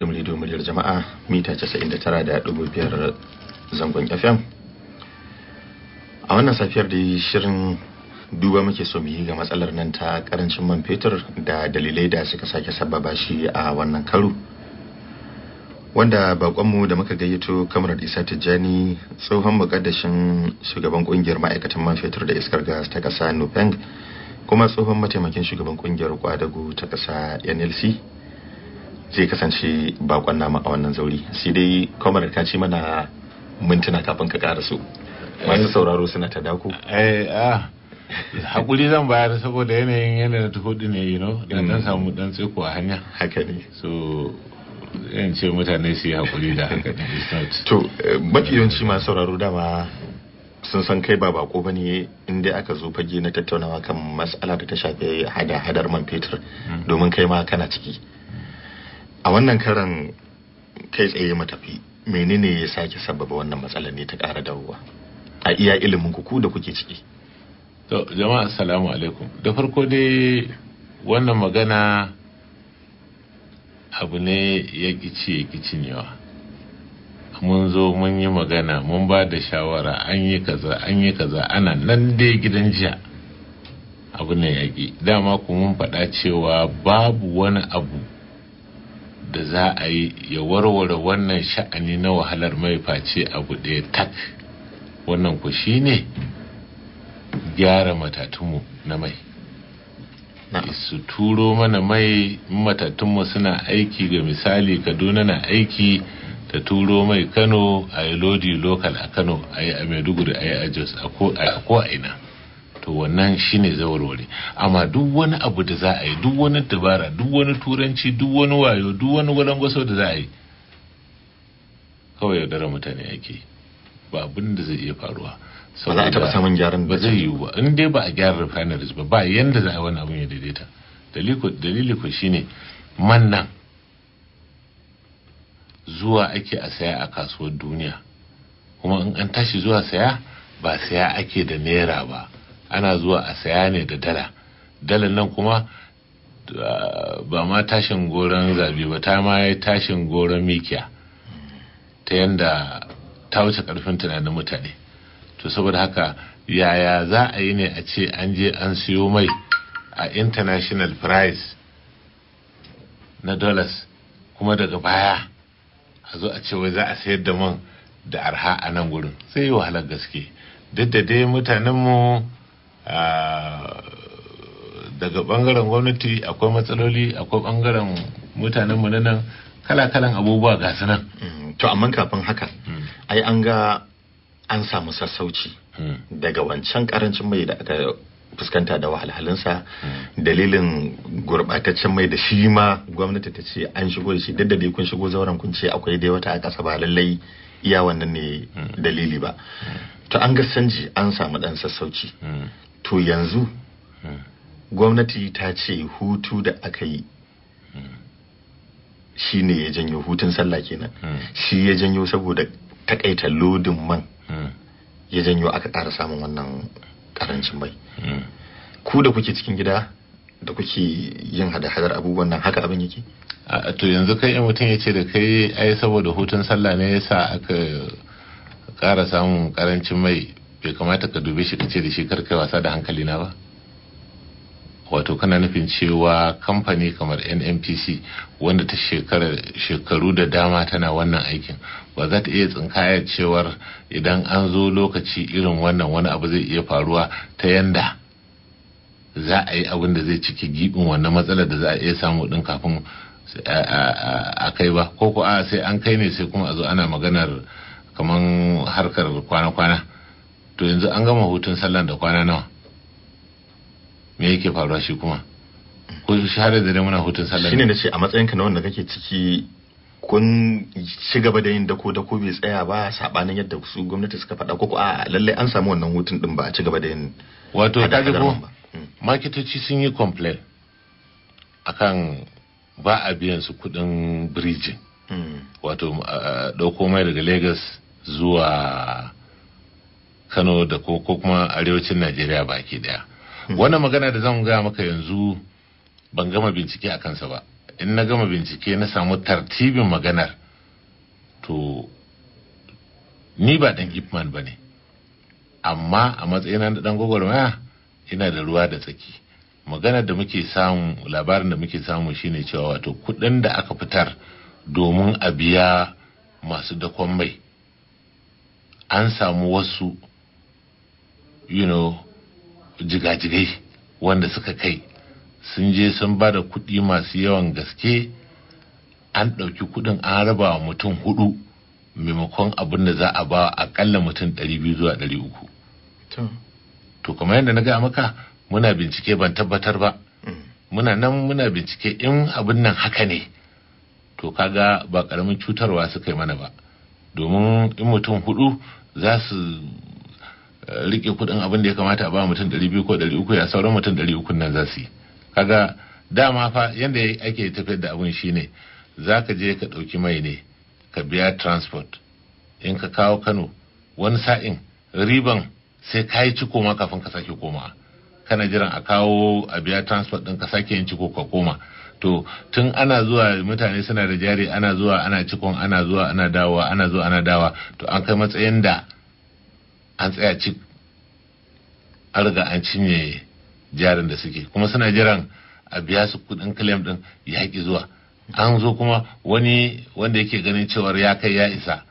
dumlido muryar jama'a mita 99.5 zangon fm a wannan safiyar da shirin duba muke so mu yi ga matsalar nan ta karancin man fetur da dalilai da suka sake sababa shi a wannan karo wanda bakonmu da muka gayyato kamar isa tijjani tsohon mukaddashin shugaban kungiyar ma'aikatan man fetur da iskar gas ta kasa nupeng kuma tsohon mataimakin shugaban kungiyar kwadago ta kasa nlc zai kasance bakon nama a wannan zauri sai dai kwamar ka ce mana mintuna kafin ka ƙara su masu eh. sauraro suna ta dako eh, ah, hakuri zan bayar saboda yanayin yanayin din ya ne no da dan mm. samu dan tsiko a hanya haka ne so yan ce mutane su yi hakuri da haka ne to eh, mafi yawanci masu sauraro dama sun san kai ba bako ba ne inda aka zo fage na tattaunawa kan matsala da ta shafi hada hadar man fetur mm. domin kai ma kana ciki a wannan karan kai tsaye matafi menene ya sake sababa wannan matsalar ne ta ƙara dawowa a iya ilimin ku da kuke ciki to jama'a assalamu alaikum da farko dai wannan magana abu ne ya gici ya kicinyewa mun zo mun yi magana mun ba da shawara an yi kaza an yi kaza ana nan dai gidan jiya abu ne ya dama kuma mun faɗa cewa babu wani abu da za a yi ya warware wannan sha'ani na wahalar mai face abu ɗaya tak wannan ku shi ne gyara matatunmu na mai su turo mana mai matatunmu suna aiki ga misali kaduna na aiki ta turo mai kano a yi lodi lokal a kano a yi a maiduguri a yi a jos a ko a ina to wannan shine zawarware amma duk wani abu da za a yi duk wani dabara duk wani turanci duk wani wayo duk wani gwalangwaso da za a yi kawai yaudara mutane ake ba abin da zai iya faruwa ba za a taɓa samun gyaran ba zai yiwu ba in dai ba a gyara refineries ba ba yanda za a wani abin ya daidaita dalili ku shine man nan zuwa ake a saya a kasuwar duniya kuma in an tashi zuwa saya ba saya ake da naira ba ana zuwa a saya ne da dala dalan nan kuma ah, ba ma tashin goron zabi ba ta ma tashin goron mikiya ta yadda ta wuce karfin tunanin mutane to saboda haka yaya za a yi ne a ce an je an siyo mai a international price na dollars kuma daga baya a zo a ce wai za a sayar da man da arha a nan gurin sai yi wahalar gaske duk da dai mutanenmu daga bangaren gwamnati akwai matsaloli akwai bangaren mutanen na nan kala-kalan abubuwa ga su nan mm, to amma kafin haka mm. ai an ga an samu sassauci mm. daga wancan karancin mai da aka fuskanta da wahalhalinsa dalilin gurbataccen mai da shi ma gwamnati ta ce an shigo da shi duk da dai kun shigo zauren kun ce akwai dai wata a ƙasa ba lallai iya wannan ne dalili ba to an ga sanji an samu dan sassauci to yanzu hmm. gwamnati ta ce hutu da aka yi hmm. shi ne ya janyo hutun sallah kenan hmm. shi ya janyo saboda takaita lodin man ya janyo aka ƙara samun wannan ƙarancin mai ku da kuke cikin gida da kuke yin hada-hadar abubuwan nan haka abin yake to yanzu kai in mutum ya ce da kai ai saboda hutun sallah ne yasa aka ƙara samun ƙarancin mai bai kamata ka dube shi ka ce da shi kar kai wasa da hankali na ba wato kana nufin cewa kamfani kamar nnpc wanda ta shekaru da dama tana wannan aikin ba za ta iya tsinkaya cewar idan an zo lokaci irin wannan wani abu zai iya faruwa ta yanda za a yi abin da zai ciki gibin wannan matsalar da za a iya samu din kafin a kai ba ko ko a sai an kai ne sai kuma a zo ana maganar kamar harkar kwana-kwana to yanzu an gama hutun sallan da kwana nawa me yake faruwa shi kuma ko shi har da dare muna hutun sallan shine nace a ka na wanda kake ciki kun ci gaba da yin dako dako bai tsaya ba sabanin yadda su gwamnati suka faɗa ko a lallai an samu wannan hutun din ba a ci gaba da yin wato kaji ko hmm. makitoci sun yi complain akan ba a biyan su kudin bridging hmm. wato dauko mai daga Lagos zuwa kano da ko kuma arewacin najeriya baki daya hmm. wannan magana da zan gaya maka yanzu ban gama bincike a kansa ba in na gama bincike na samu tartibin maganar to ni ba dan gifman ba ne amma a matsayina da dan gwagwarmaya ina da ruwa da tsaki maganar da muke samu labarin da muke samu shine cewa wato kudin da aka fitar domin a biya masu dakon mai an samu wasu you know jigajigai wanda suka kai sun je sun ba da kuɗi masu yawan gaske an ɗauki kuɗin an raba wa mutum hudu maimakon abin da za a ba akalla mutum ɗari biyu zuwa ɗari uku to kamar yadda na ga maka muna bincike ban tabbatar ba mm. muna nan muna bincike in abin nan haka ne to kaga ba karamin cutarwa suka yi mana ba domin in mutum hudu za su rike kudin abin da ya kamata a ba mutum biyu ko uku ya sauran mutum uku nan za su yi kaga dama fa yanda ake tafiyar da abin shine za ka je ka ɗauki mai ne ka biya transport in ka kawo kano wani sa'in riban sai ka yi ciko ma kafin ka sake koma kana jiran a kawo a biya transport ɗin ka sake yin ciko ka koma to tun ana zuwa mutane suna da jari ana zuwa ana cikon ana zuwa ana dawowa ana zuwa ana dawa to an kai matsayin da an tsaya cik an riga an cinye jarin da suke kuma suna jiran a biya su kudin claim din ya ki zuwa an zo kuma wani wanda yake ganin cewar ya kai ya isa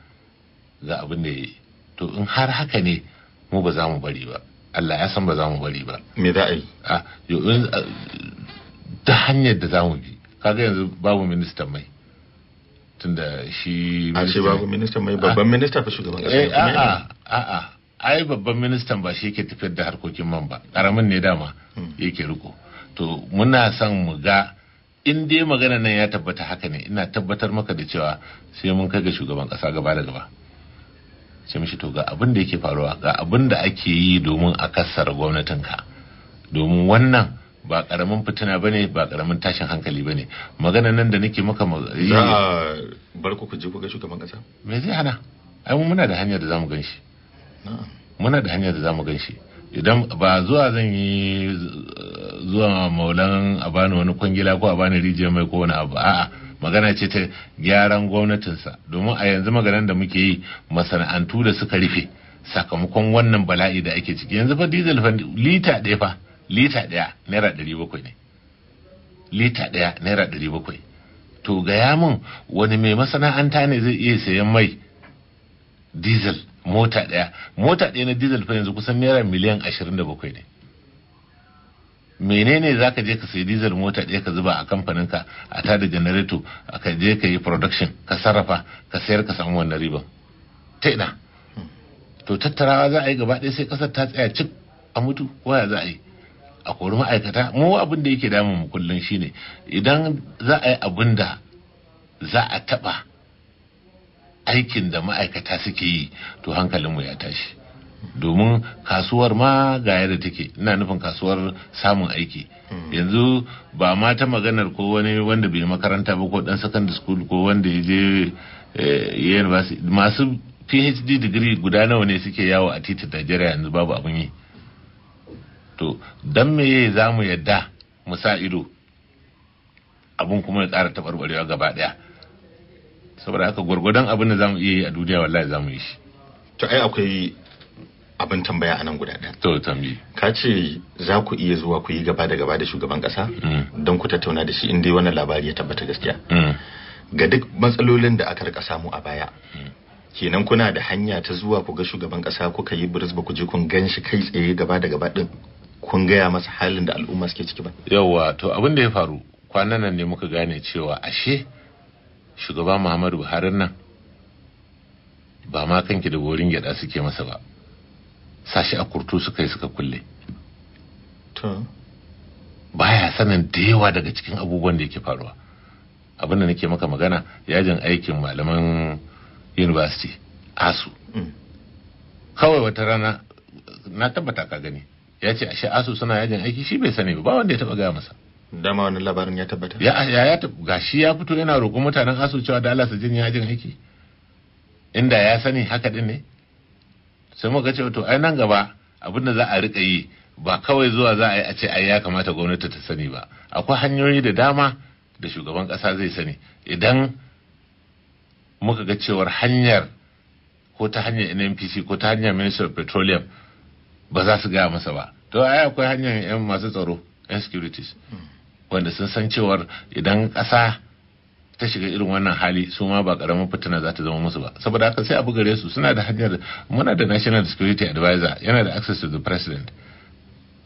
ga abin da ya yi to in har haka ne mu ba za mu bari ba Allah ya san ba za mu bari ba me za a yi? a ta hanyar da za mu bi kaga yanzu babu ministan mai tunda shi a ce babu minista mai babban minista fa shugaban kasa eh, a a a a ai babban ministan ba shi yake tafiyar da harkokin man ba karamin ne dama hmm. yake riko to muna son mu ga in dai magana nan ya tabbata haka ne ina tabbatar maka da cewa sai mun kai ga shugaban kasa gaba da gaba sai mishi to ga abin da yake faruwa ga abin da ake yi domin a gwamnatin gwamnatinka domin wannan ba karamin fitina ba ne ba karamin tashin hankali ba ne magana nan da nake maka za bar ku je ku ga shugaban kasa me zai hana ai muna da hanyar da zamu gan shi muna da hanyar da zamu ganshi idan ba zuwa zan yi zuwa maulan a bani wani kwangila ko a bani rijiya mai ko wani abu a magana ce ta gyaran gwamnatinsa domin a yanzu maganan da muke yi masana'antu da suka rufe sakamakon wannan bala'i da ake ciki yanzu fa diesel fa lita ɗaya fa lita ɗaya naira ɗari bakwai ne lita ɗaya naira ɗari bakwai to gaya min wani mai masana'anta ne zai iya sayan mai diesel mota ɗaya mota ɗaya na diesel fa yanzu kusan naira miliyan ashirin da bakwai ne menene za ka je ka sayi diesel mota ɗaya ka zuba a kamfanin ka a tada janareto ka je ka yi production ka sarrafa ka sayar ka samu wannan riba. ta ina to tattarawa za a yi gaba ɗaya sai kasar ta tsaya cik a mutu waya za a yi a kori ma'aikata mu abin da yake damun mu kullum shine idan za a yi abin da za a taɓa aikin da ma'aikata suke yi to hankalinmu ya tashi domin kasuwar ma ga yadda take ina nufin kasuwar samun aiki hmm. yanzu ba ma ta maganar ko wani wanda bai makaranta ba ko dan secondary school ko wanda ya je eh, university masu phd degree guda nawa ne suke yawo a titi najeriya yanzu babu abin yi to dan meye za mu yadda mu sa ido Abun kuma ya ƙara taɓarɓarewa gaba ɗaya saboda haka gwargwadon abin da zamu iya yi a duniya wallahi zamu yi shi to ai akwai abin tambaya a nan guda ɗaya. To tambayi Ka ce za ku iya zuwa ku yi gaba da gaba da shugaban ƙasa mm. don ku tattauna da shi in dai wannan labari ya tabbata gaskiya. Mm. Ga duk matsalolin da aka rika samu a baya. Mm. Kenan kuna da hanya ta zuwa ku ga shugaban kasa kuka yi biris ba ku je kun gan shi kai tsaye gaba da gaba din kun gaya masa halin da al'umma suke ciki ba. Yawwa to abin da ya faru kwanan nan ne muka gane cewa ashe shugaba muhammadu buhari nan ba ma kanki da borin gyada suke masa ba sashi a kurtu suka yi suka kulle baya sanin da yawa daga cikin abubuwan da yake faruwa abinda nake maka magana yajin aikin malaman university asu mm. kawai wata rana na tabbata ka gani ya ce ashe asu suna yajin aiki shi bai sani ba ba wanda ya taba gaya masa dama wannan labarin ya tabbata ya ya ya ga ya fito yana roƙon mutanen asu cewa da Allah su jin yajin haki inda ya sani haka din ne sai muka ce to ai nan gaba abin da za a rika yi ba kawai zuwa za a yi a ce ai ya kamata gwamnati ta sani ba akwai hanyoyi da dama da shugaban ƙasa zai sani idan muka ga cewar hanyar ko ta hanyar NNPC ko ta hanyar Minister of Petroleum ba za su gaya masa ba to ai akwai hanyar 'yan masu tsaro 'yan securities hmm. wanda sun san cewar idan ƙasa ta shiga irin wannan hali su ma ba ƙaramin fitina za ta zama musu ba saboda haka sai abu gare su suna da hanyar muna da national security advisor yana da access to the president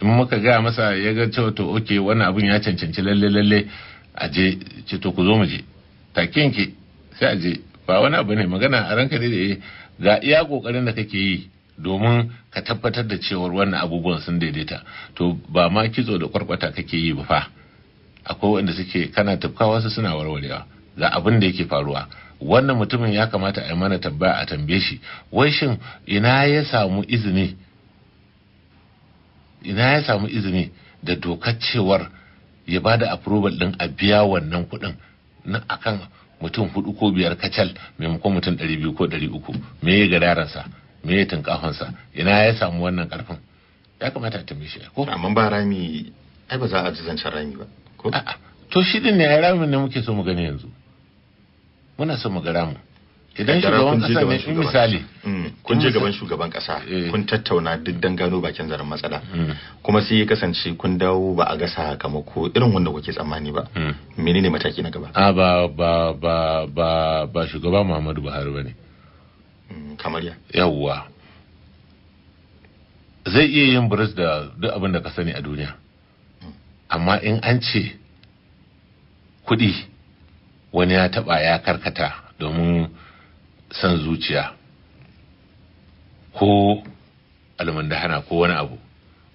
in muka gaya masa ya ga cewa to okay wannan abun ya cancanci lalle lalle a je ce to ku zo mu je takin ki sai a je ba wani abu ne magana a ranka ne da eh, ga iya kokarin da kake yi domin ka tabbatar da cewar wannan abubuwan sun daidaita to ba ma kitso da kwarkwata kake yi ba fa akwai wanda suke kana tafka wasu suna warwarewa ga abin da yake faruwa wannan mutumin ya kamata a yi mana tambaya a tambaye shi wai shin ina ya samu izini ina ya samu izini da dokar cewar ya ba da approval din a biya wannan kuɗin na akan mutum hudu ko biyar kacal maimakon mutum ɗari biyu ko ɗari uku me ya ga yaransa me ya tunkafansa ina ya samu wannan karfin ya kamata a tambaye shi ko amma ba rami ai ba za a ji zancen rami ba to shi din ne ramin ne muke so mu gani yanzu muna so mu ga ramin idan shugaban kasa ne shi misali kun je gaban shugaban mm. kasa eh. kun tattauna duk dan gano bakin zaren matsala mm. kuma sai ya kasance kun dawo ba a gasa kamar ko irin wanda kuke tsammani ba mm. menene mataki na gaba a ba ba ba ba ba shugaba Muhammadu Buhari bane kamar ya yawwa zai iya yin buris da duk abin da ka sani a duniya amma in an ce kuɗi wani ya taɓa ya karkata domin son zuciya ko hana ko wani abu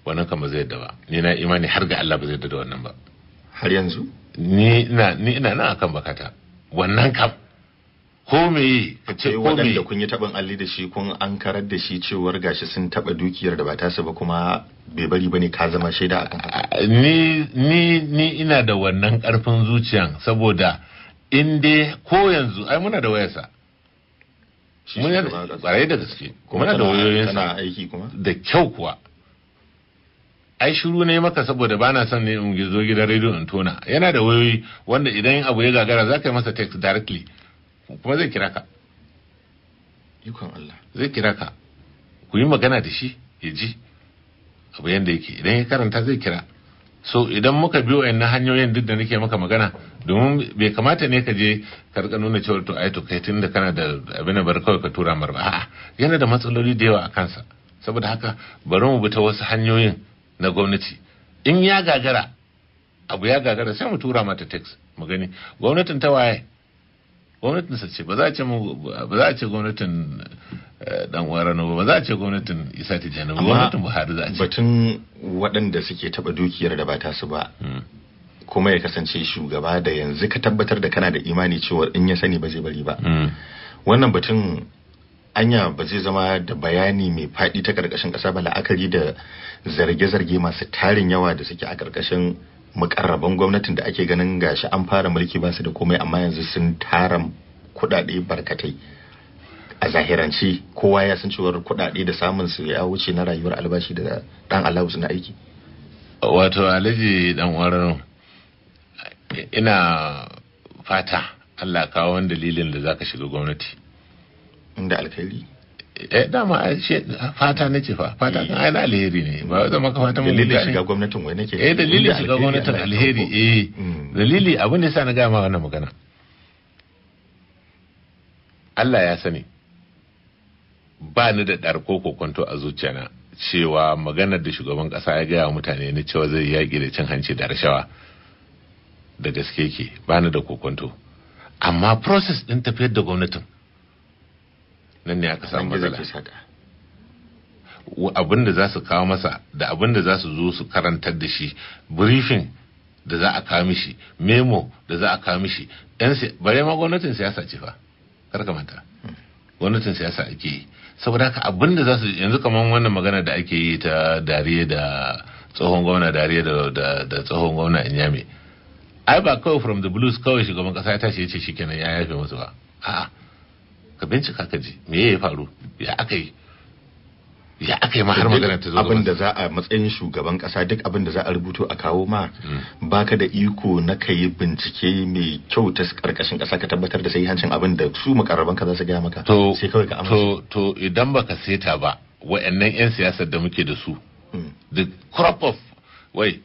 wannan kan ba zai yadda ba ni na imani har ga Allah ba zai yadda da wannan ba har yanzu ni ina ni ina nan akan bakata wannan kam ko me ka ce ko kun yi taɓin alli da shi kun an karar da shi cewar gashi sun taɓa dukiyar da ba ta ba kuma bai bari bane ka zama shaida akan haka ni ni ni ina da wannan ƙarfin zuciyan saboda in dai ko yanzu ai muna da wayarsa muna da kwarai da gaske kuma na da wayoyinsa aiki kuma da kyau kuwa ai shiru ne maka saboda ba na son ne in zo gidan rediyo in tona yana da wayoyi wanda idan abu ya gagara za ka yi masa text directly kuma zai kira ka ikon Allah zai kira ka ku yi magana da shi ya ji abu yadda yake idan ya karanta zai kira so idan muka a wayannan hanyoyin duk da nake maka magana domin bai kamata ne ka je ka rika nuna cewa to ai kai tunda kana da abin da bar kawai ka tura mar ba a'a yana da matsaloli da yawa a kansa saboda haka bari mu bi ta wasu hanyoyin na gwamnati in ya gagara abu ya gagara sai mu tura mata text mu gani gwamnatin ta waye Gwamnatin sa ce ba za a ce gwamnatin eh, dan warano ba za a ce gwamnatin isa tijjani ba gwamnatin buhari za a ce batun waɗanda suke taɓa dukiyar da ba ta su ba hmm. kuma ya kasance shugaba da yanzu ka tabbatar da kana da imani cewa in ya sani ba zai bari ba hmm. wannan batun anya ba zai zama da bayani mai faɗi ta ƙarƙashin ƙasa ba la'akari da zarge-zarge masu tarin yawa da suke a ƙarƙashin mukarraban gwamnatin da ake ganin gashi an fara mulki ba su da komai amma yanzu sun tara kuɗaɗe barkatai a zahiranci kowa ya san cewar kuɗaɗe da samun su ya wuce na rayuwar albashi da dan alawus na aiki wato alhaji dan warar ina fata Allah kawo wani dalilin da zaka shiga gwamnati inda alkhairi eh dama fata na ce fa fata kan na alheri ne ba zama ka fata mun dalilin shiga gwamnatin wai nake eh dalilin shiga gwamnatin alheri eh hmm. dalili abin da yasa na ma wannan magana Allah ya sani ba ni da dar ko kokonto a zuciyana cewa maganar da shugaban kasa ya gaya wa mutane na cewa zai yaƙi da cin hanci da rashawa da gaske ke ba ni da kokonto amma process din tafiyar da gwamnatin nan ne aka samu matsala abin da za su kawo masa da abin da za su zo su karantar da shi briefing da za a kawo mishi memo da za a kawo mishi bare ma gwamnatin siyasa ce fa karka manta gwamnatin siyasa ake yi saboda haka abin da za su yanzu kamar wannan magana da ake yi ta dariya da tsohon gwamna dariya da tsohon gwamna inyame ai ba kawai from the blues kawai shugaban kasa ya tashi ya ce shikenan ya yafe musu ba a'a ka bincika ka ji me ya faru ya aka yi ya aka yi har magana ta zo abin da za a matsayin shugaban kasa duk abin da za a rubuto a kawo ma mm. baka da iko na ka yi bincike mai kyau ta karkashin kasa ka tabbatar da sai hancin abin da su makarraban ka za su gaya maka sai kawai ka amsa to idan baka seta ba wayannan yan siyasar da muke da su mm. the crop of wai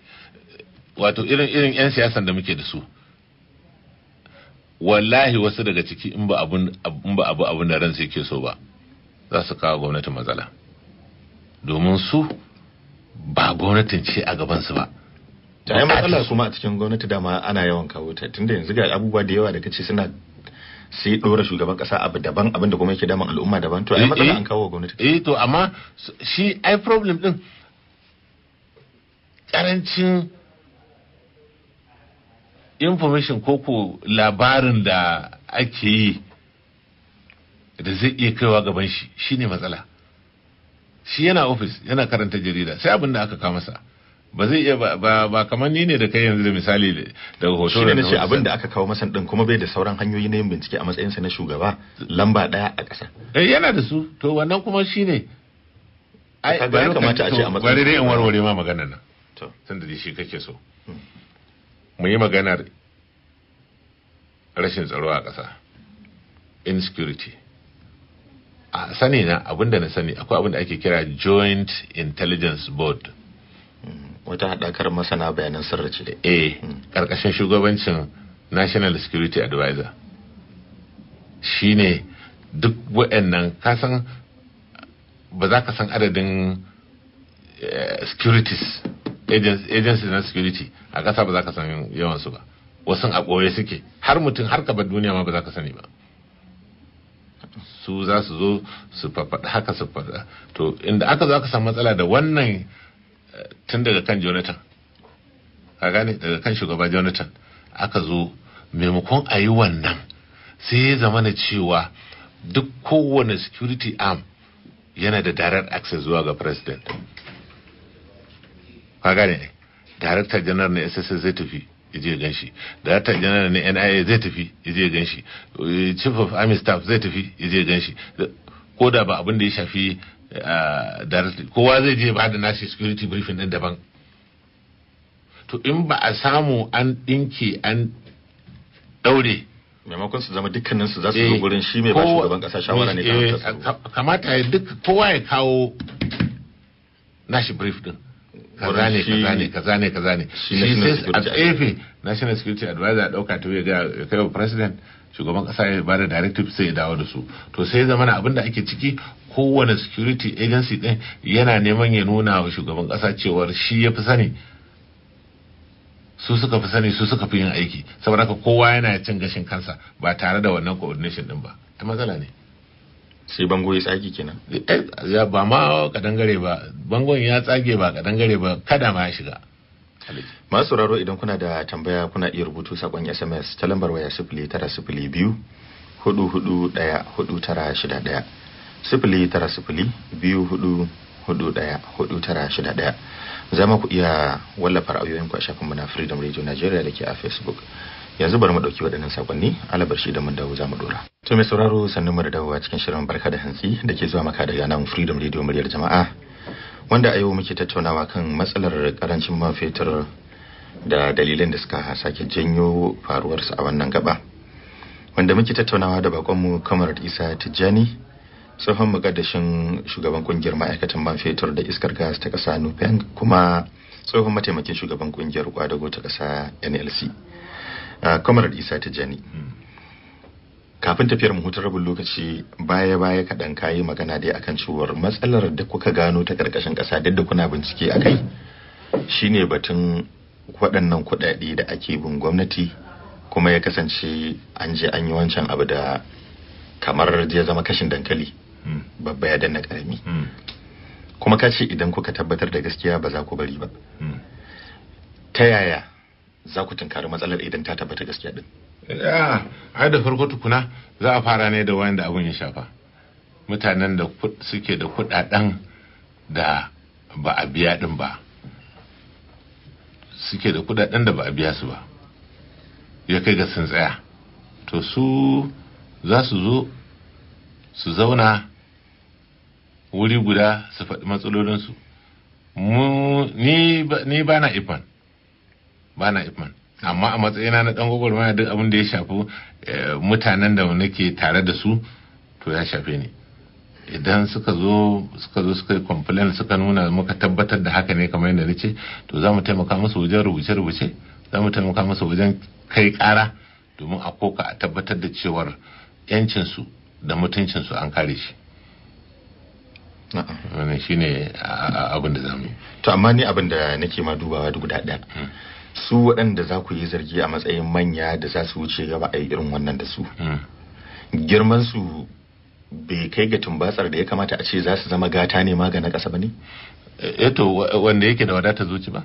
wato irin irin yan siyasar da muke da su wallahi wasu daga ciki in ba abu abun da ransu yake so ba za su kawo gwamnati matsala domin su ba gwamnatin ce a gabansu ba ta yi matsala kuma a cikin gwamnati dama ana yawan kawo ta tunda yanzu ga abubuwa da yawa da kace suna sai dora shugaban kasa abu daban abin da kuma yake daman al'umma daban to ai eh, matsala eh. an kawo gwamnati eh to amma shi ai problem din karancin information koko labarin da ake yi da zai iya kaiwa gaban shi shine matsala shi yana ofis yana karanta jarida sai abin da aka kama sa ba zai iya ba kamar ni ne da kai yanzu da misali da hoto da shi abin da aka kawo masan din kuma bai da sauran hanyoyi na yin bincike a matsayinsa na shugaba lamba daya a ƙasa eh yana da su to wannan kuma shine ai ba kamata a ce a matsayin dai in warware ma maganar nan to tunda shi kake so mu yi maganar rashin tsaro a ƙasa insecurity a sani na abinda na sani akwai abinda ake kira joint intelligence board mm-hmm. wata haɗakar masana bayanan sirri ce eh, mm. ƙarƙashin shugabancin national security advisor shine duk waɗannan kasan ba za ka san adadin eh, securities agency na security a ƙasa ba za ka san yawan su ba wasu a ɓoye suke har mutum har kaba duniya ma ba za ka sani ba su za su zo su faɗa haka su faɗa to inda aka zo ka samu matsala da wannan eh, tun daga kan jonathan a gane daga kan shugaba jonathan aka zo maimakon a yi wannan sai ya zama na cewa duk kowane security arm yana da direct access zuwa ga president ka gane daraktar janar na sss zai tafi je gan shi daraktar janar na nia zai tafi je gan shi chief of army staff zai tafi je gan shi ko da ba abin da ya shafi kowa zai je ba da nashi security briefing din daban to in ba a samu an ɗinke an ɗaure maimakon su zama dukkanin su za su eh, zo gurin shi mai ba shugaban kasa shawara ne eh, kamata ya duk kowa ya kawo nashi brief din Kazane kazane kazane kazane. national security advisor dauka ta ya kai wa president shugaban kasa ya ba da directive sai ya dawo da su to sai zamana abin da ake ciki kowane security agency din yana neman ya nuna wa shugaban kasa cewar shi ya fi sani su suka fi sani su suka fi yin aiki saboda kowa yana cin gashin kansa ba tare da wannan coordination din ba ta matsala ne sai bango ya tsage kenan eh, ya ba ma kadangare ba bangon ya tsage ba kadangare ba kada ma ya shiga masu sauraro idan kuna da tambaya kuna iya rubutu sakon sms ta lambar waya sifili tara sifili biyu hudu hudu daya hudu tara shida daya sifili tara sifili biyu hudu hudu daya hudu tara shida daya zama ku iya wallafa ra'ayoyinku a shafinmu na freedom radio nigeria da ke a facebook yanzu bari mu dauki waɗannan sakonni alabar shi da mun dawo za mu dora to mai sauraro sannu mu da dawowa cikin shirin barka da hantsi da ke zuwa maka daga nan freedom radio muryar jama'a wanda a yau muke tattaunawa kan matsalar karancin man fetur da dalilan da suka sake janyo faruwarsa a wannan gaba wanda muke tattaunawa da mu kamar isa tijjani tsohon mukaddashin shugaban kungiyar ma'aikatan man fetur da iskar gas ta ƙasa nupeng kuma tsohon mataimakin shugaban kungiyar kwadago ta ƙasa nlc kamar ah, isa ta jani hmm. kafin tafiyar mu hutar rabin lokaci baya baya kaɗan kayi magana dai akan cewar matsalar da kuka gano ta ƙarƙashin ƙasa duk da kuna bincike a kai shine batun waɗannan kuɗaɗe da ake bin gwamnati kuma ya kasance an je an yi wancan abu da kamar ya zama kashin dankali hmm. babba ya danna ƙarami hmm. kuma ka ce idan kuka tabbatar da gaskiya ba za ku bari ba ta yaya za ku tunkari matsalar idan ta tabbata gaskiya din ai da farko tukuna za a fara ne da wanda abun ya shafa mutanen da suke da kudaden da ba a biya din ba suke da kudaden da ba a biya su ba ya kai ga sun tsaya to su za su zo su zauna wuri guda su faɗi matsalolinsu ni ba na ifan ba na ifman amma a matsayina na dan gwagwarmaya duk abin da ya shafi eh, mutanen da nake tare da su to ya shafe ni idan suka zo suka zo suka complain suka nuna muka tabbatar da haka ne kamar yadda nace to za mu taimaka musu wajen rubuce rubuce za mu taimaka musu wajen kai kara domin a koka a tabbatar da cewar yancinsu da mutuncinsu an kare shi wannan shine abin da zamu yi to amma ni abin da nake ma dubawa duk guda ɗaya hmm. su waɗanda za ku yi zargi a matsayin manya da za su wuce gaba a irin wannan da su hmm. girman su bai kai ga tumbatsar da ya kamata a ce za su zama gata ne ma ga na ƙasa ba ne? eto eh, wanda yake da wadata zuci ba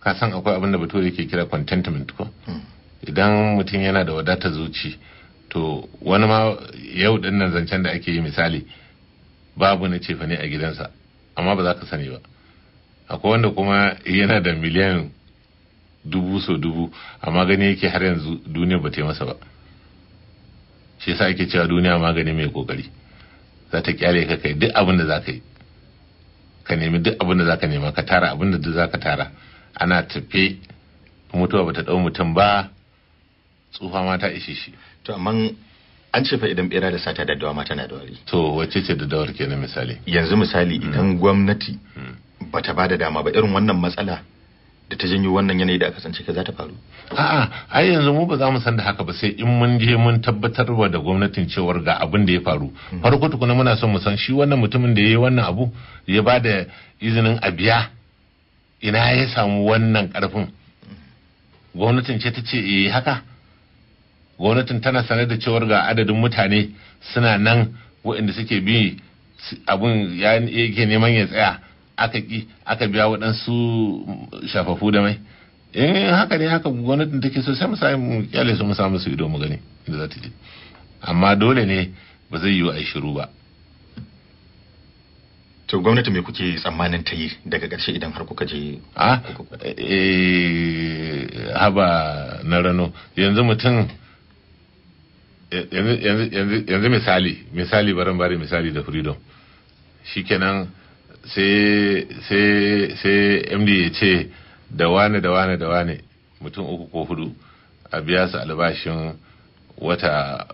ka san akwai abin da bature yake kira contentment ko hmm. idan mutum yana da wadata zuci to wani ma yau din zancen da ake yi misali babu na cefane a gidansa amma ba za ka sani ba akwai wanda kuma yana da miliyan dubu so dubu amma gani yake har yanzu duniya ba ta masa ba shi yasa ake cewa duniya magani mai kokari za ta kyale ka kai duk abin da za ka yi ka nemi duk abin da za ka nema ka tara abin da duk za ka tara ana tafe mutuwa ba ta ɗau mutum ba tsufa ma ta ishe shi to amma an ce fa idan bera da sata daddawa ma tana da wari to wacce ce dawar kenan misali yanzu misali idan gwamnati hmm. bata bada dama ba irin wannan matsala da ta janyo wannan yanayi da aka san ka za ta faru a'a ai yanzu mu ba za mu san da haka ba sai in mun je mun tabbatar tabbatarwa da gwamnatin cewar ga abin da ya faru hmm. farko tukuna muna son mu san shi wannan mutumin da ya yi wannan abu ya ba da izinin a biya ina ya samu wannan karfin gwamnatin ce ta ce eh haka gwamnatin tana sanar da cewar ga adadin mutane suna nan waɗanda suke bi abun ya yake neman ya tsaya aka ki aka biya waɗansu shafafu da mai in eh, haka ne haka gwamnatin take so sai mu sai mu kyale su mu samu su ido mu gani da za ta je amma dole ne ba zai yiwu wa shiru ba to gwamnati me kuke tsammanin ta yi daga ƙarshe idan har kuka je ah, a eh, haba na rano yanzu mutum yanzu misali misali baran bari misali da freedom shikenan sai sai sai md ya ce da wane da wane da wane mutum uku ko hudu a biya su albashin wata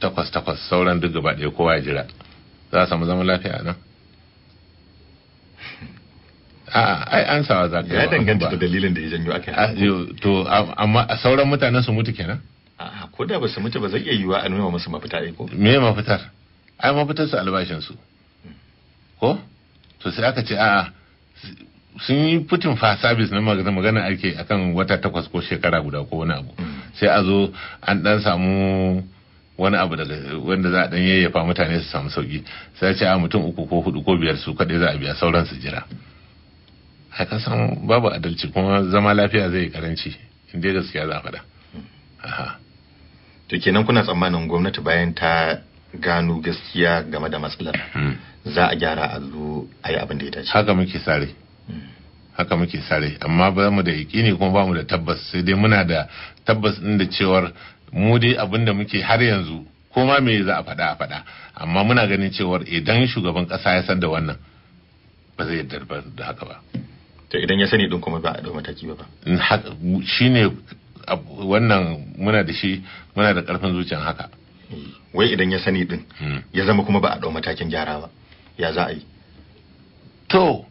takwas takwas sauran duk gaba ɗaya kowa ya jira za a samu zaman lafiya nan a'a ai an sawa za ka ya danganta da dalilin da ya janyo aka yi ah, to amma sauran mutanen su mutu kenan a ko da ba su mutu ba zai iya yiwa a nuna musu mafita ko me mafitar ai mafitar su albashin su ko to sai aka ce a sun yi putin fa service na magana ake akan wata takwas ko shekara guda ko wani abu mm. sai a zo an dan samu wani abu daga wanda za a dan yayyafa mutane su samu sauki sai a ce a mutum uku ko hudu ko biyar su kadai za a biya sauran su jira A san babu adalci kuma zama lafiya zai karanci inda gaskiya za a faɗa mm. to kenan kuna tsammanin gwamnati bayan ta gano gaskiya game da matsalar hmm. za a gyara a zo a yi abin da ya dace haka muke sare hmm. haka muke sare amma ba mu da yaƙini kuma ba mu da tabbas sai dai muna da tabbas ɗin da cewar mu dai abin da muke har yanzu ko ma me za a faɗa a faɗa amma muna ganin cewar idan shugaban ƙasa ya san da wannan ba zai yarda da haka ba to idan ya sani din kuma ba a ɗau mataki ba shine wannan muna da shi muna da ƙarfin zuciyan haka hmm. wai idan ya sani din hmm. ya zama kuma ba a ɗau matakin gyara ba ya za a yi to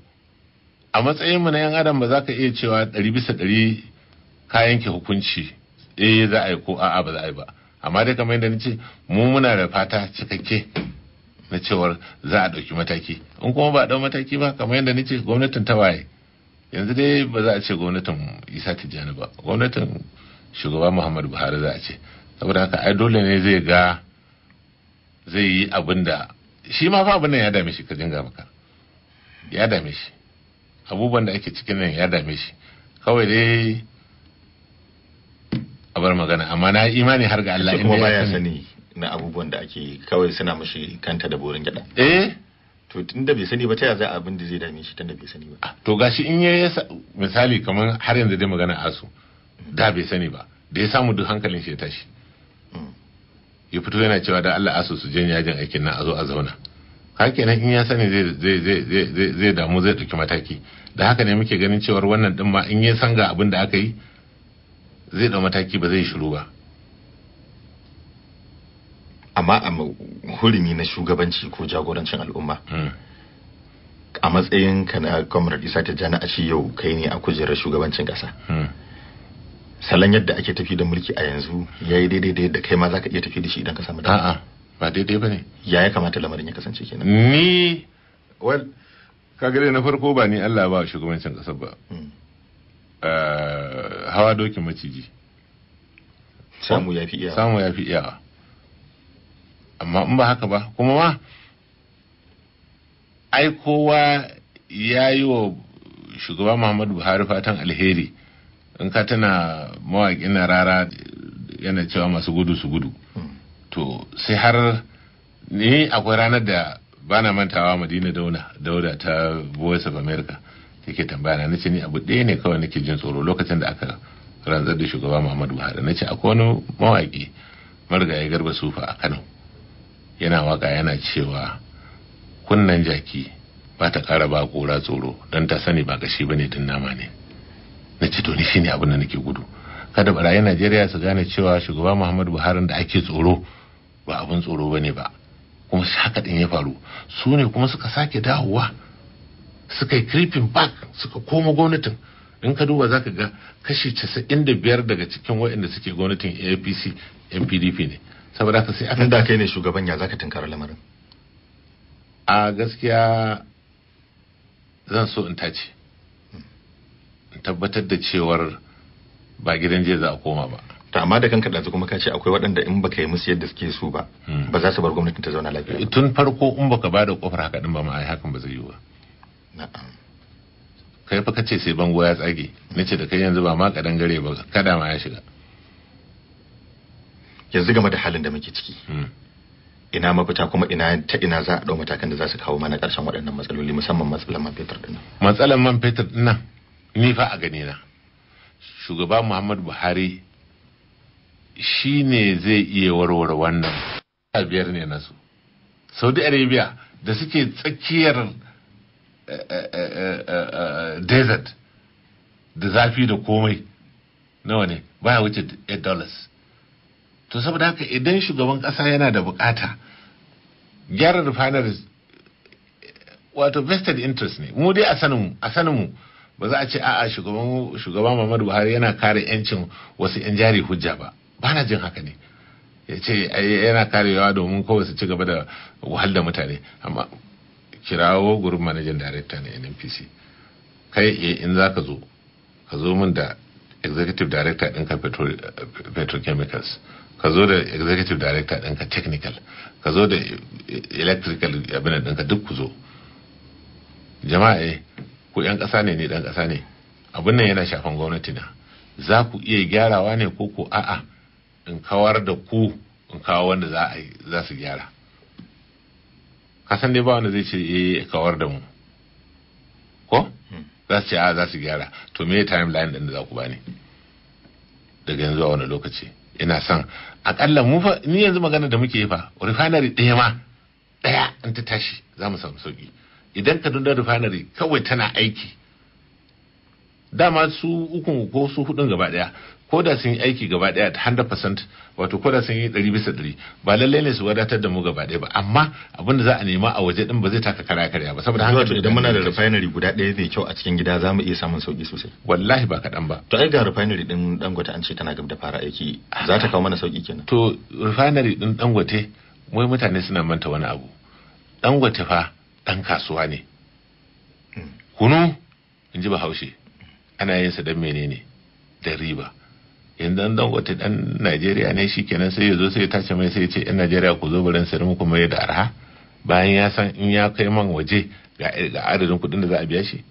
a matsayin mu na yan adam ba za ka iya cewa ɗari bisa ɗari ka yanke hukunci eh za a yi ko a'a ba za a yi ba amma dai kamar yadda na ce mu muna da fata cikakke na cewar za a ɗauki mataki in kuma ba a ɗau mataki ba kamar yadda na ce gwamnatin ta waye yanzu dai ba za a ce gwamnatin isa tijjani ba gwamnatin shugaba muhammadu buhari za a ce saboda haka ai dole ne zai ga zai yi abin da shi ma fa abin nan ya dame shi ka dinga maka ya dame shi abubuwan da ake cikin nan ya dame shi kawai dai a bar magana amma na imani har ga Allah inda ya sani na abubuwan da ake kawai suna mushi kanta da borin gida eh to tunda bai sani ba ta za abin da zai dame shi tunda bai sani ba ah, to gashi in yayi misali kamar har yanzu dai magana asu da bai sani ba da ya samu duk hankalin shi ya tashi ya fito yana cewa da Allah asu su yajin aikin nan a zo a zauna hakenan in ya sani zai damu zai ɗauki mataki da haka ne muke ganin cewa wannan din ma in ya san ga abin da aka yi zai ɗau mataki ba zai shiru ba amma a hurumi na shugabanci ko jagorancin al'umma hmm. a matsayin ka na comrade isa ta jana a shi yau kai ne a kujerar shugabancin kasa. Hmm. salon yadda ake tafi da mulki a yanzu ya yi daidai da yadda kai ma za ka iya tafi da shi idan ka samu da'a ba daidai ba ne ya ya kamata lamarin ya kasance kenan ni wal kaga dai na farko ba ni Allah ba shugabancin kasar ba hmm. eh, hawa dokin maciji samu ya fi iya. samu ya fi iya amma in ba haka ba kuma ma ai kowa ya yi wa shugaba Muhammadu Buhari fatan alheri in ka tana mawaƙin na rara yana cewa masu gudu su gudu hmm. to sai har ni akwai ranar da bana mantawa madina dauna dauda ta voice of america take tambaya na nace ni abu ɗaya ne kawai nake jin tsoro lokacin da aka rantsar da shugaba muhammadu buhari na ce akwai wani mawaƙi marigayi garba sufa a kano yana waka yana cewa kunnan jaki ba ta ƙara ba kura tsoro don ta sani ba gashi ba ne tun nama ne na ce to ni ne abin da nake gudu kada barayin najeriya su gane cewa shugaba muhammadu buhari da ake tsoro ba abin tsoro ba ne ba kuma haka din ya faru su ne kuma suka sake dawowa suka yi creeping back suka koma gwamnatin in ka duba zaka ga kashi da biyar daga cikin waɗanda suke gwamnatin apc npdp ne saboda haka sai aka da kai ne shugaban ya zaka tunkara lamarin a gaskiya zan so in tace tabbatar da cewar ba gidan jeza a koma ba to amma da kanka ɗazu kuma ka ce akwai waɗanda in baka yi musu yadda suke so ba hmm. ba za su bar gwamnatin ta zauna lafiya tun farko in baka ba da kofar haka din ba ma ai hakan ba zai yi ba kai fa kace sai bango ya tsage nace da kai yanzu ba ma kadan gare ba kada ma ya shiga yanzu game da halin da muke ciki hmm. ina mafita kuma ina ta ina za a dau matakan da za su kawo mana karshen waɗannan matsaloli musamman matsalar man fetur dinnan matsalar man fetur dinnan ni fa a gani na shugaba muhammadu buhari shi ne zai iya warware wannan biyar ne na su saudi arabia da suke tsakiyar eh, eh, eh, desert da zafi da komai nawa ne baya wuce 8 dollars to saboda haka idan shugaban kasa yana da bukata gyara refineries wato vested interest ne mu dai a sanin mu a sanin mu ba za a ce a'a shugaban shugaban Muhammadu Buhari yana kare yancin wasu yan jari hujja ba ba na jin haka ne ya ce yana karewa domin kawai su ci gaba da wahal da mutane amma kirawo gurin manajan darekta na NNPC kai eh, in za ka zo ka zo min da executive director ɗinka petrochemicals ka zo da executive director ɗinka technical ka zo da electrical abin ɗinka duk ku zo jama'a eh, ku 'yan ƙasa ne ni ɗan ƙasa ne abin nan yana shafan gwamnati na za ku iya gyarawa ne ko ko a'a in kawar da ku in kawo wanda za a za su gyara kasan dai ba wanda zai ce eh kawar da mu ko hmm. za su ce a ah, za su gyara to me timeline din da za ku bani daga yanzu a wani lokaci ina son akalla mu fa ni yanzu magana da muke yi fa refinery ɗaya ma ɗaya in ta tashi za mu samu sauki idan ka kaduna refinery kawai tana aiki dama su ukun ko su hudun gaba daya ko da sun yi aiki gaba daya ta 100% wato ko da sun yi 100 bisa ba lallai ne su wadatar da mu gaba daya ba amma abin da za a nema a waje din ba zai taka kara kare ba saboda haka idan muna da refinery guda daya mai kyau a cikin gida za mu iya samun sauki sosai wallahi ba kaɗan ba to ai ga refinery din dangote an ce tana gab da fara aiki za ta kawo mana sauki kenan to refinery din dangote mai mutane suna manta wani abu dangote fa ɗan kasuwa ne hmm. kunu in ji bahaushe ana yin sa dan menene da riba yanzu an dangote ɗan najeriya ne shi kenan sai ya zo sai ya tace mai sai ya ce yan najeriya ku zo barin sayar kuma ya da arha bayan ya san in ya kai man waje ga adadin kuɗin da za a biya shi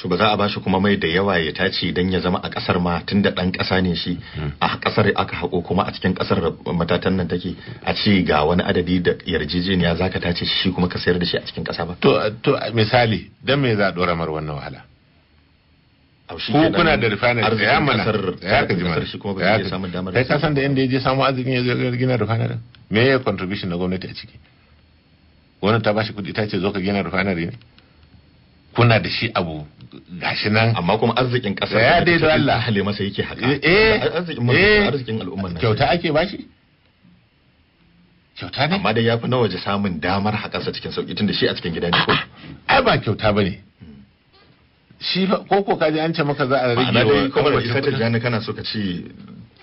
to ba za a bashi kuma mai da yawa ya tace dan ya zama a kasar ma tunda dan kasa ne shi hmm. a kasar aka hako kuma a cikin kasar matatan nan take a ce ga wani adadi da yarjejeniya zaka tace shi kuma ka sayar da shi a cikin kasa ba to to misali dan me za a dora mar wannan wahala ko kuna da refinery ya mana ya ka ji mana ya ka kai kasan da inda ya je samu azikin ya zo gina refinery me ya contribution na gwamnati a ciki Wani ta bashi kudi ta ce zo ka gina refinery ne kuna da shi abu gashi nan amma kuma arzikin kasa ya dai da Allah hale masa yake haka eh, eh. arzikin eh. al'umma. nan kyauta ake bashi kyauta ne amma dai yafi na waje samun damar sa cikin sauki tunda shi a cikin gida ne ko ai ba kyauta bane shi ko ko kaji an ce maka za a rage wa kuma da ta jani kana so ka ci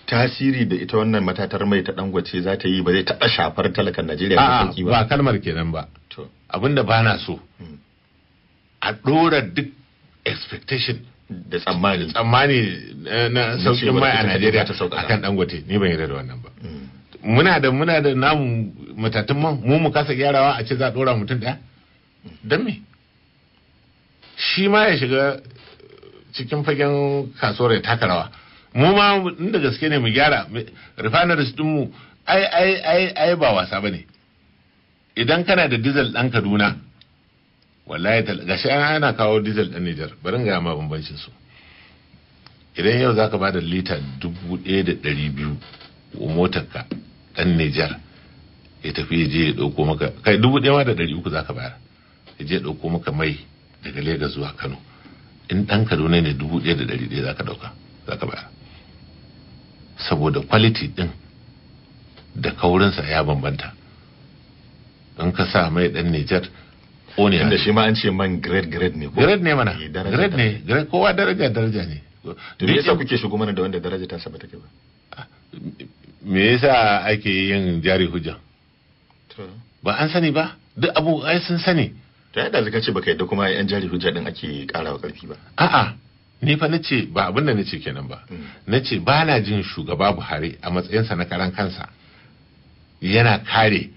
tasiri da ita wannan matatar mai ta dangwace za ta yi ba zai taɓa shafar talakan Najeriya ba ba kalmar kenan ba abinda ba na so hmm. a ɗora duk expectation da tsammani tsammani eh, na sauƙin mai a Najeriya a kan Dangote ni ban yarda da wannan ba mm. muna da muna da namu matatun man mu mu kasa gyarawa a ce za a ɗora mutum ɗaya don me shi ma ya shiga cikin fagen kasuwar ya taka rawa mu ma inda gaske ne mu gyara refineries mu ai ai ai ai ba wasa bane idan kana da diesel ɗan Kaduna wallahi gashi an ana kawo diesel ɗan Nijar barin ga ma bambancin su idan yau zaka bada lita dubu ɗaya da ɗari biyu wa motarka ɗan Nijar ya tafi je ya ɗauko maka kai dubu ɗaya da ɗari uku zaka bayar ya je ya ɗauko maka mai daga Legas zuwa Kano in ɗan Kaduna ne dubu ɗaya da ɗari ɗaya zaka ɗauka zaka bayar saboda quality ɗin da kaurinsa ya bambanta in ka sa mai ɗan Nijar ne inda shi ma an ce man grade grade ne ko grade ne mana eh, grade ne grade kowa daraja daraja ne to me yasa kuke shigo mana da wanda daraja ta saba take ba me yasa ake yin jari hujja ba an sani ba duk abu ai sun sani to yadda zaka ce baka yadda kuma yan jari hujja din ake karawa karfi ba a'a ni fa na ce ba abin da na ce kenan ba mm. na ce ba na jin shugaba buhari a matsayinsa na karan kansa yana kare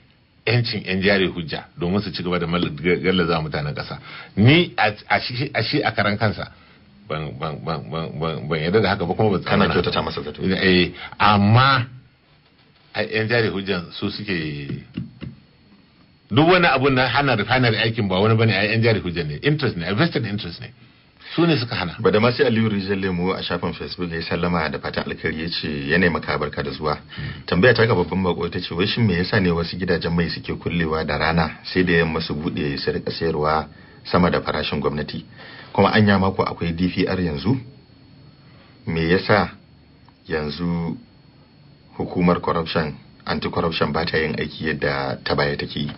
yancin yan jari hujja domin su ci gaba da gallaza mutanen ƙasa ni a shi a karan kansa ban yadda da haka ba kuma ban kana kyautata masa zato eh, amma yan jari hujjan su suke duk wani abun na hana refinery aikin ba wani bane a yan jari hujjan ne interest ne a vested interest ne su ne suka hana ba da masu aliyu rijiyar lemu a shafin facebook ya sallama da fatan alkhairi ya ce yana maka barka da zuwa hmm. tambaya ta ga babban bako ta ce wai shin me yasa ne wasu gidajen mai suke kullewa da rana sai da yamma su buɗe su rika sayarwa sama da farashin gwamnati kuma anya mako akwai dpr yanzu me yasa yanzu hukumar corruption anti-corruption ba ta yin aiki yadda ta baya take yi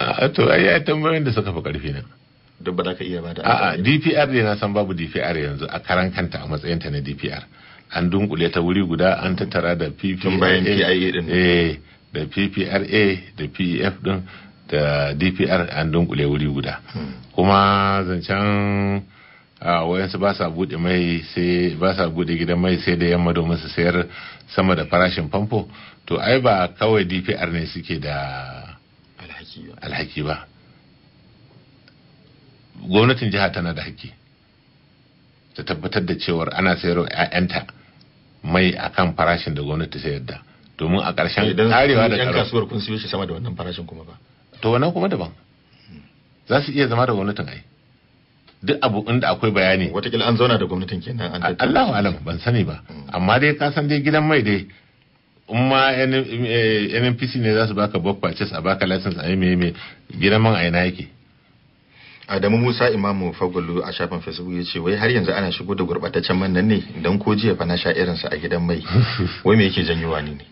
a to ai tambayar da suka fi karfi na duk ba za ka iya ba da a'a DPR ne na san babu DPR yanzu a karan kanta a matsayinta na DPR an dunkule ta wuri guda an tattara da PPRA eh, da PPRA da PEF din da DPR an dunkule wuri guda hmm. kuma zancen a wayansu ba sa bude mai sai ba sa bude gidan mai sai da yamma domin su sayar sama da farashin famfo to ai ba kawai DPR ne suke da alhaki ba gwamnatin jiha tana da haƙƙi ta tabbatar da cewar ana sayar wa 'ya'yanta mai akan farashin da gwamnati ta da domin a ƙarshen karewa da ƙarar kasuwar kun siyo shi sama da wannan farashin kuma ba to wannan kuma daban za su iya zama da gwamnatin ai duk abu inda akwai bayani watakila an zauna da gwamnatin kenan an Allahu alam ban sani ba amma dai ka san dai gidan mai dai in ma NNPC ne za su baka bakwaces a baka license a yi mai gidan man aina yake Adamu Musa Imamu Fagulu a shafin Facebook ya ce wai har yanzu ana shigo da gurbataccen man nan ne dan ko jiya fa na sha irin sa a gidan mai wai me yake janyowa ne ne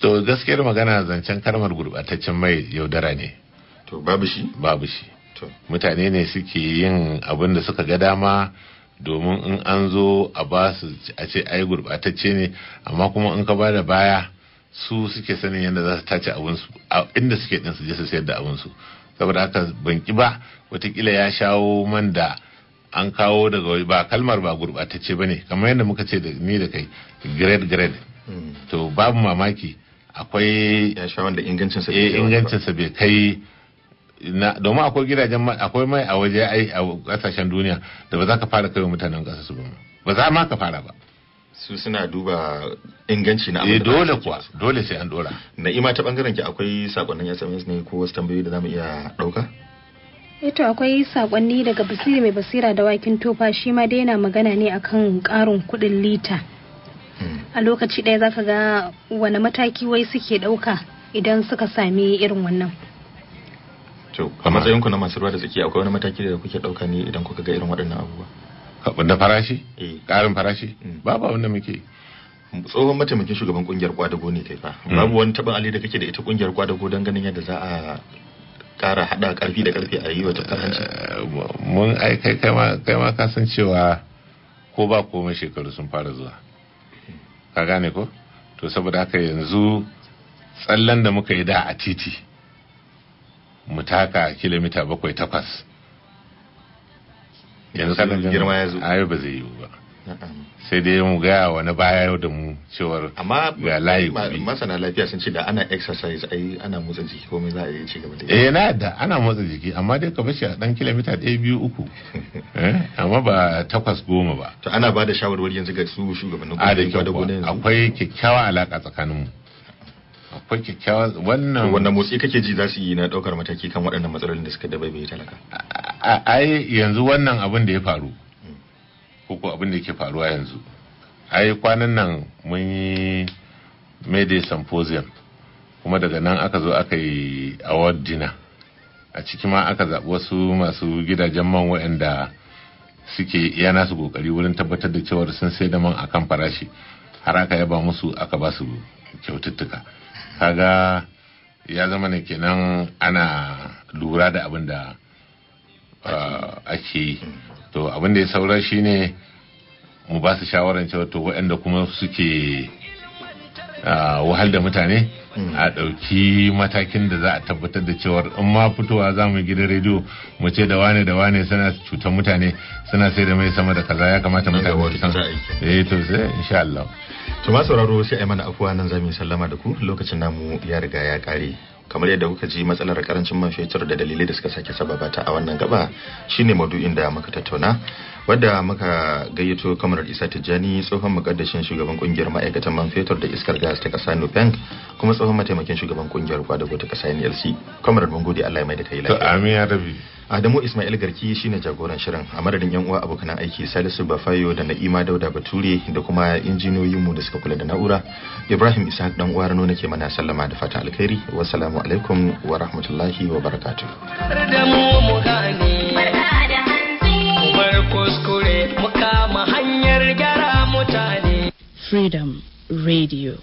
to gaskiyar magana zancen karmar gurbataccen mai yaudara ne to babu shi babu shi mutane ne suke yin abin da suka ga dama domin in an zo a ba su a ce ai gurbatacce ne amma kuma in ka ba da baya su suke sanin yadda za su tace abinsu inda suke din su je su sayar da abinsu saboda haka ban ki ba watakila ya shawo man da an kawo daga ba kalmar ba gurbatacce ba ne kamar yadda muka ce ni da kai grade grade hmm. to babu mamaki akwai ya sha wanda ingancinsa eh, ingancinsa bai kai na domin akwai gidajen akwai mai a waje a kasashen duniya da ba za ka fara kai mutanen kasa su ba ba za ma ka fara ba su suna duba inganci na eh dole kuwa dole sai an dora na'ima ta bangaren ki akwai sakonnin SMS ne ko wasu tambayoyi da zamu iya dauka Ito eh akwai sakonni daga basiri mai basira da wakin tofa shi ma dai yana magana ne akan karin kudin lita hmm. a lokaci ɗaya zaka ga wani mataki wai suke ɗauka idan suka sami irin wannan to a matsayinku na masu ruwa da tsaki akwai wani mataki da kuke ɗauka ne idan kuka ga irin waɗannan abubuwa da farashi eh. Karin farashi mm. babu abin da muke tsohon mataimakin shugaban kungiyar kwadago ne kai fa mm. babu wani taɓin ali da kake da ita kungiyar kwadago don ganin yadda za a ƙara haɗa ƙarfi da ƙarfi a yi wa tattalin eh, mun ai kai kai ma ka san cewa ko ba komai shekaru sun fara zuwa ka gane ko to saboda haka yanzu tsallan da muka yi da a titi mu taka kilomita bakwai takwas yanzu kanin girma ya zo ayo ba zai yi ba sai dai mu ga wani baya yau da mu cewar amma ga layi masana lafiya sun ce da ana exercise ai ana motsa jiki me za a yi gaba da eh na da ana motsa jiki amma dai ka bashi a dan kilomita 2 biyu uku eh, amma ba takwas goma ba to ana ba da shawarwari yanzu ga su shugabannin kuma ah, da akwai kyakkyawa alaka tsakanin mu akwai kyakkyawan wannan wannan motsi kake ji za su yi na daukar mataki kan waɗannan matsalolin da suka bai talaka ai yanzu wannan abin da ya faru ko abin da yake faruwa yanzu ai kwanan nan mun yi mayday symposium kuma daga nan aka zo aka yi award dinner a ciki ma aka zaɓi wasu masu gidajen man waɗanda suke iya nasu kokari wurin tabbatar da cewar sun sai da man kan farashi har aka yaba musu aka ba su kyaututtuka kaga ya zama ne kenan ana lura da abin da ah, ake yi to abin da ya saura shine mu ba su shawarar cewa to waɗanda kuma suke ah, wahal da mutane a ɗauki matakin da za a tabbatar da cewar in ma fitowa za mu gidan rediyo mu ce da wane da wane suna cutar mutane suna sai da mai sama da kaza ya kamata mutane su san eh to sai insha Allah to ma sauraro sai yi mana afuwa nan zamu sallama da ku lokacin namu ya riga ya kare kamar yadda kuka ji matsalar karancin man fetur da dalilai da suka sake sababata a wannan gaba shine maudu'in da muka tattauna wadda muka gayyato kamar isa tijjani tsohon mukaddashin shugaban kungiyar ma'aikatan man fetur da iskar gas ta kasa nupeng kuma tsohon mataimakin shugaban kungiyar kwadago ta kasa nlc kamar mun gode allah mai da kai lafiya adamu ismail garki shine jagoran shirin a madadin yan uwa abokan aiki salisu bafayo da na'ima dauda bature da kuma injiniyoyin mu da suka kula da na'ura ibrahim isa dan uwa rano ke mana sallama da fatan alkhairi wassalamu alaikum wa rahmatullahi wa barakatuh kamar kuskure mu kama hanyar gyara mutane freedom radio